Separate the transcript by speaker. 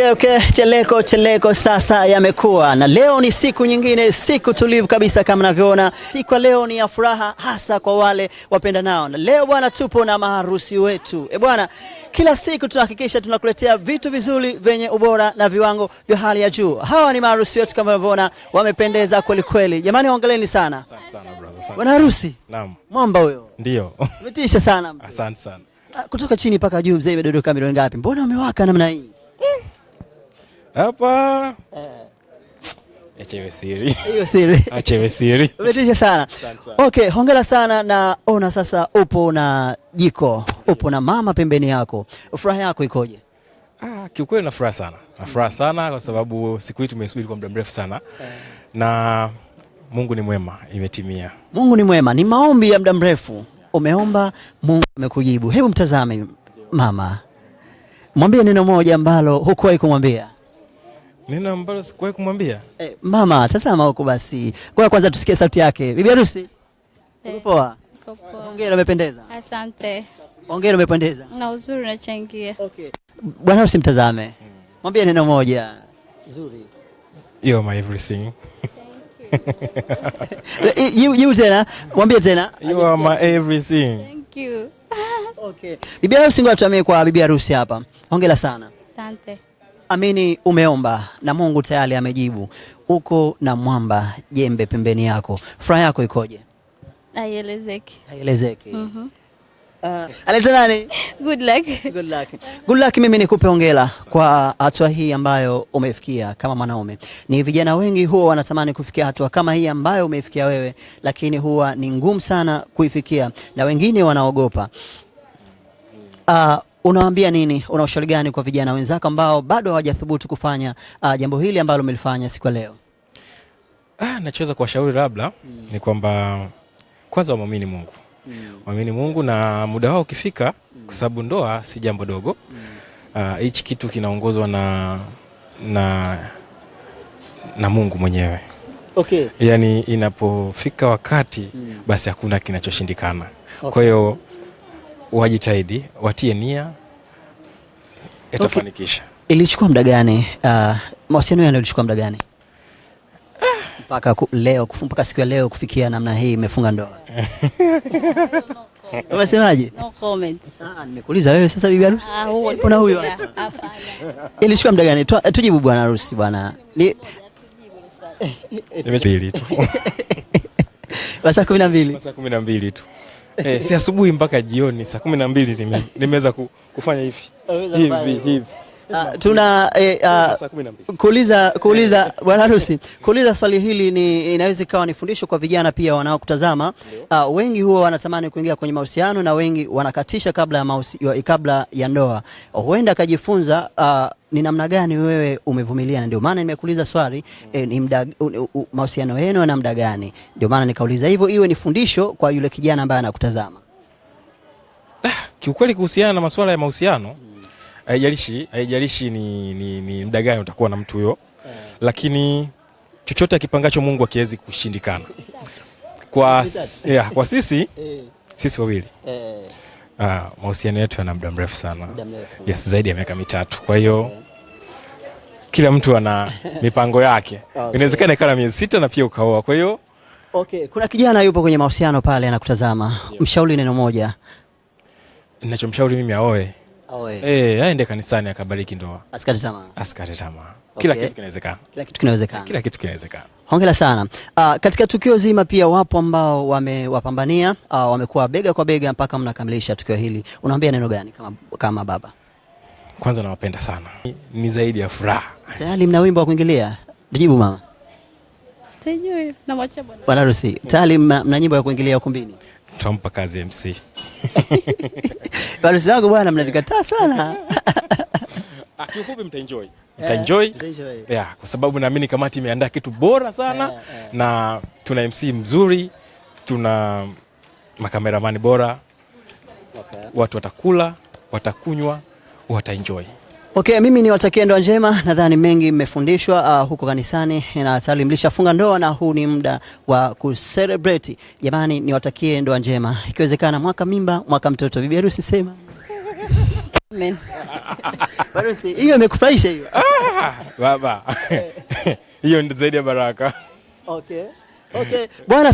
Speaker 1: Okay, okay, cheleko cheleko sasa yamekuwa na leo ni siku nyingine, siku tulivu kabisa kama mnavyoona. Siku ya leo ni ya furaha hasa kwa wale wapenda nao, na leo bwana, tupo na maharusi wetu. E bwana, kila siku tunahakikisha tunakuletea vitu vizuri vyenye ubora na viwango vya hali ya juu. Hawa ni maharusi wetu kama mnavyoona, wamependeza kweli kweli. Jamani, waangalieni sana bwana harusi. Naam, mwamba huyo ndio umetisha sana.
Speaker 2: Asante sana
Speaker 1: ah, kutoka chini mpaka juu. Mzee, imedodoka milioni ngapi? Mbona umewaka namna hii?
Speaker 2: Hapa eh.
Speaker 1: umetisha sana. Okay, hongera sana na ona sasa, upo na jiko, upo na mama pembeni yako, furaha yako ikoje?
Speaker 2: Ah, kiukweli na furaha sana, na furaha sana kwa sababu siku hii tumesubiri kwa muda mrefu sana na Mungu ni mwema, imetimia.
Speaker 1: Mungu ni mwema, ni maombi ya muda mrefu umeomba, Mungu amekujibu. Hebu mtazame mama, mwambie neno moja ambalo hukuwahi kumwambia
Speaker 2: Neno ambalo sikuwahi kumwambia
Speaker 1: eh, mama. Tazama huko basi, kwa kwanza tusikie sauti yake bibi harusi. Eh, poa. Hongera, umependeza.
Speaker 3: Asante.
Speaker 1: Hongera, umependeza
Speaker 3: na uzuri unachangia.
Speaker 1: Okay, bwana harusi mtazame, mwambie neno moja
Speaker 4: zuri.
Speaker 2: You are my everything.
Speaker 1: Eh, you tena, mwambie tena.
Speaker 2: You are my everything.
Speaker 3: Thank you.
Speaker 1: Okay, bibi harusi, ngoja tuamie kwa bibi harusi hapa. Hongera sana. Asante. Amini umeomba na Mungu tayari amejibu. Uko na mwamba jembe pembeni yako, furaha yako ikoje?
Speaker 3: Haielezeki,
Speaker 1: haielezeki. mm uh, nani? Good luck. Good luck. Good luck. Mimi nikupe hongera kwa hatua hii ambayo umefikia kama mwanaume. Ni vijana wengi huwa wanatamani kufikia hatua kama hii ambayo umeifikia wewe, lakini huwa ni ngumu sana kuifikia na wengine wanaogopa. Uh, unawaambia nini? Una ushauri gani kwa vijana wenzako ambao bado hawajathubutu kufanya uh, jambo hili ambalo umelifanya siku ya leo?
Speaker 2: Ah, nachoweza kuwashauri labda mm. ni kwamba kwanza wamwamini Mungu mm. waamini Mungu na muda wao ukifika mm. kwa sababu ndoa si jambo dogo mm. Ah, hichi mm. uh, kitu kinaongozwa na, na, na Mungu mwenyewe okay. Yani inapofika wakati mm. basi hakuna kinachoshindikana okay. kwa hiyo wajitahidi, watie nia, yatafanikisha. Okay.
Speaker 1: Ilichukua muda gani uh, mahusiano yao yalichukua muda gani mpaka ku, leo mpaka siku ya leo kufikia namna hii imefunga ndoa? Unasemaje?
Speaker 3: No comment.
Speaker 1: Ah, nimekuuliza wewe sasa bibi harusi. Ah, Kuna huyo hapa. Ilichukua muda gani? Tujibu bwana harusi bwana. Ni Nimepili tu. Masaa 12.
Speaker 2: Masaa 12 tu. Eh, si asubuhi mpaka jioni saa kumi na mbili nimeweza kufanya hivi hivi hivi
Speaker 1: Uh, tuna eh, uh, kuuliza kuuliza bwana harusi, kuuliza swali hili ni inaweza ikawa ni fundisho kwa vijana pia wanaokutazama. Uh, wengi huwa wanatamani kuingia kwenye mahusiano na wengi wanakatisha kabla ya mahusi, kabla ya ndoa. Huenda akajifunza uh, ni namna gani wewe umevumilia, na ndio maana nimekuuliza swali eh, ni mda mahusiano yenu na mda gani? Ndio maana nikauliza hivyo, iwe ni fundisho kwa yule kijana ambaye anakutazama.
Speaker 2: Ah, Kiukweli kuhusiana na masuala ya mahusiano haijalishi haijalishi ni, ni, ni muda gani utakuwa na mtu huyo yeah. Lakini chochote akipangacho Mungu akiwezi kushindikana kwa, yeah, kwa sisi eh. sisi wawili yeah. Ah, mahusiano yetu yana muda mrefu sana yes, zaidi ya miaka mitatu, kwa hiyo yeah. Kila mtu ana mipango yake okay. Inawezekana ikawa na miezi sita na pia ukaoa, kwa hiyo
Speaker 1: okay. Kuna kijana yupo kwenye mahusiano pale anakutazama, yeah. Mshauri neno moja
Speaker 2: ninachomshauri mimi aoe Eh, aende kanisani akabariki ndoa. Asikate tamaa. Asikate tamaa. Kila kitu kinawezekana.
Speaker 1: Kila kitu kinawezekana.
Speaker 2: Kila kitu kinawezekana.
Speaker 1: Hongera sana. Uh, katika tukio zima pia wapo ambao wamewapambania, uh, ah, wamekuwa bega kwa bega mpaka mnakamilisha tukio hili. Unaambia neno gani kama, kama baba?
Speaker 2: Kwanza nawapenda sana. Ni, zaidi ya furaha.
Speaker 1: Tayari mna wimbo wa kuingilia? Jibu mama.
Speaker 3: Tayari na mwacha bwana.
Speaker 1: Bwana harusi. Tayari mna nyimbo ya kuingilia ukumbini?
Speaker 2: Tutampa kazi MC.
Speaker 1: Walusi yangu bwana, mnanikataa sana.
Speaker 2: Ah, kiufupi eh, mtaenjoy. Mtaenjoy. Yeah, kwa sababu naamini kamati imeandaa kitu bora sana yeah, yeah. Na tuna MC mzuri, tuna makameramani bora okay. Watu watakula, watakunywa, wataenjoy.
Speaker 1: Okay, mimi ni watakie ndoa njema. Nadhani mengi mmefundishwa uh, huko kanisani na tayari mlishafunga ndoa na huu ni muda wa kucelebrate. Jamani, niwatakie ndoa njema, ikiwezekana mwaka mimba, mwaka mtoto. Bibi harusi sema Amen. Harusi hiyo imekufurahisha hiyo?
Speaker 2: Ah, baba hiyo ndio zaidi ya baraka.
Speaker 1: Okay. Okay. Bwana